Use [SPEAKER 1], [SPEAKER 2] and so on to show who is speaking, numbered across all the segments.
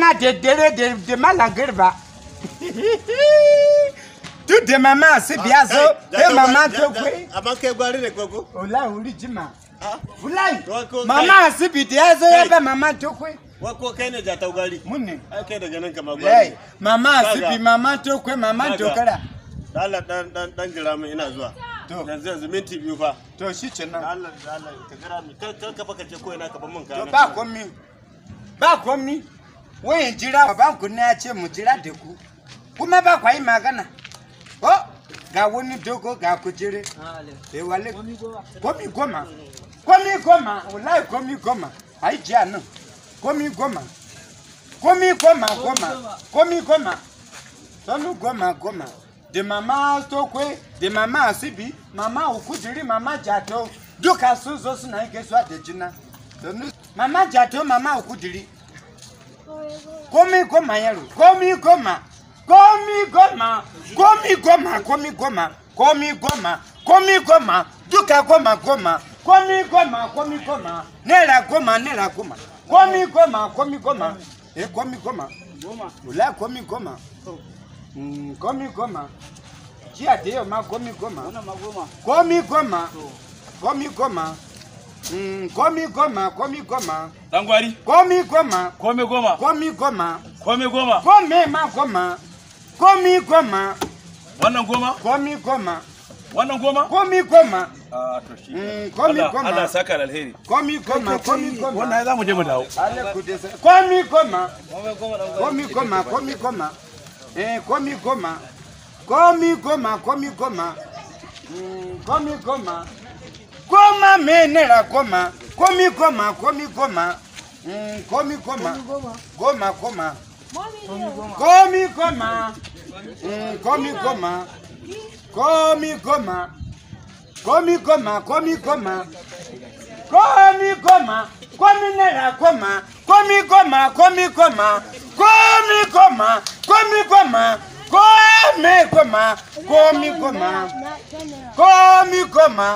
[SPEAKER 1] rana ah, eh, da dare da malam da mama su da mama ta kwai amma kai gwari ne koko wallahi wuri jima mama su bi da ya ba mama
[SPEAKER 2] ta kwai wako kama gwari mama su bi mama
[SPEAKER 1] ta mama dokara
[SPEAKER 2] dan dan dan ina zuwa to yanzu yanzu minti biyu fa to shi ce nan ka ce ko ina ka ban mun to
[SPEAKER 1] ba ba wai jira baban ku na ce mu jira da ku kuma ba ku yi magana oh ga dogo ga kujere ewale. komi goma komi goma wallahi komi goma ai jiya nan komi goma komi goma goma komi goma tonu goma goma de mama tokwe de mama asibi mama ukujiri mama jato duka sun zo suna yi gaisuwa da mama jato mama ukujiri komi goma yẹn lò komi goma komi goma komi goma komi goma komi goma komi goma duka goma goma komi goma komi goma naira goma naira goma komi goma komi goma e komi goma wula mm, komi goma komi goma jí àdéhùn ma komi goma komi goma komi goma. Mm, komi goma, komi goma. Tangwari. Komi goma. Komi goma. Komi goma. Komi goma. Komi ma goma. Komi goma. Wannan goma? Komi goma. Wannan goma? Komi goma. Ah, to shi. Mm, komi goma. Allah saka alheri. Komi goma, komi goma. Wannan za mu je mu dawo. Allah ku dai. Komi goma. Komi goma, komi goma. Eh, komi goma. Komi goma, komi goma. Mm, komi goma. goma me naira goma komi goma komi goma komi goma goma goma komi goma komi goma komi goma komi goma komi goma komi goma komi naira goma komi goma komi goma komi goma komi goma komi goma komi goma komi goma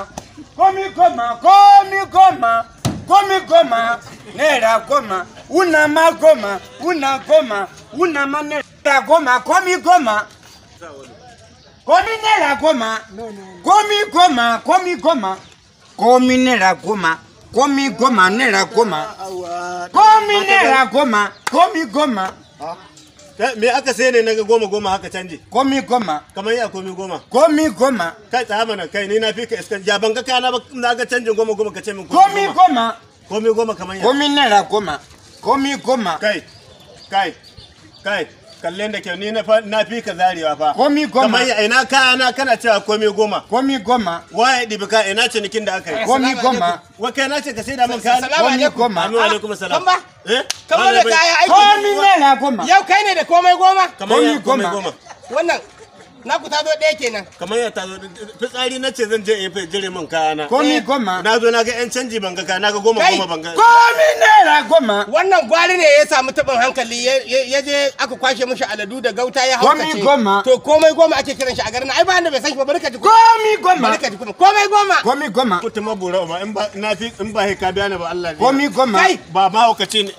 [SPEAKER 1] komi goma komi goma komi goma naira goma una ma goma una goma una ma naira goma komi goma komi naira goma komi goma komi goma komi naira goma komi goma naira goma
[SPEAKER 2] komi naira
[SPEAKER 1] goma komi goma me aka sai ne naga goma goma haka canje komi goma
[SPEAKER 2] kamar ya komi goma komi goma kai ta mana kai ni na fi ka iskan ja ban ga kana ba na ga goma goma ka ce min komi goma komi goma kamar ya komi naira goma komi goma kai kai kai kallen da kyau ni na fi ka zarewa fa komi goma kamar ina kana kana cewa komi goma komi goma waye dibi ka ina cinikin da aka yi eh, komi goma wa kai na ce ka sai da mun kana komi goma wa alaikum salam kamba eh?
[SPEAKER 1] kamar da kaya aiki komi ne
[SPEAKER 2] na goma yau kai ne da komai goma komi goma wannan na ku tazo ɗaya kenan kamar ya tazo fitsari na ce zan je in jire min kayana komi eh. goma na zo na ga yan canji ban ga na ga goma goma ban ga komi ne Kwara Goma. Wannan gwari ne ya samu taɓin hankali ya je aka kwashe mishi aladu da gauta ya hauka ce. Goma. To komai Goma ake kiran shi a garin ai ba wanda bai san shi ba barka ji kuma. Goma. Barka ji kuma komai Goma. Gomi Goma. tuma gora ma in ba na fi in ba he ka biya ba Allah ne. Gomi Goma. Kai ba ma ce ne.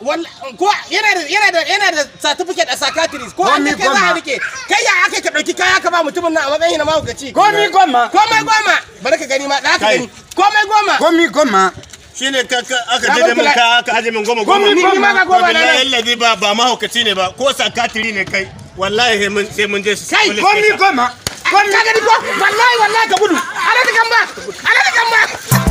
[SPEAKER 2] ko yana da yana da yana da certificate a psychiatrist ko an kai ba rike. Kai ya aka ka dauki kaya ka ba mutumin nan a matsayin na mahaukaci. Gomi Goma. Komai Goma. Barka gani ma da ka gani. Komai Goma. Gomi Goma. shine ka aka dade min ka aka aje min goma goma ni ma ka goma na wallahi ba ba mahaukaci ne ba ko sakatiri ne kai wallahi mun sai mun je kai komi goma komi ka gani ko wallahi wallahi ka gudu ala da kan ba ala da kan ba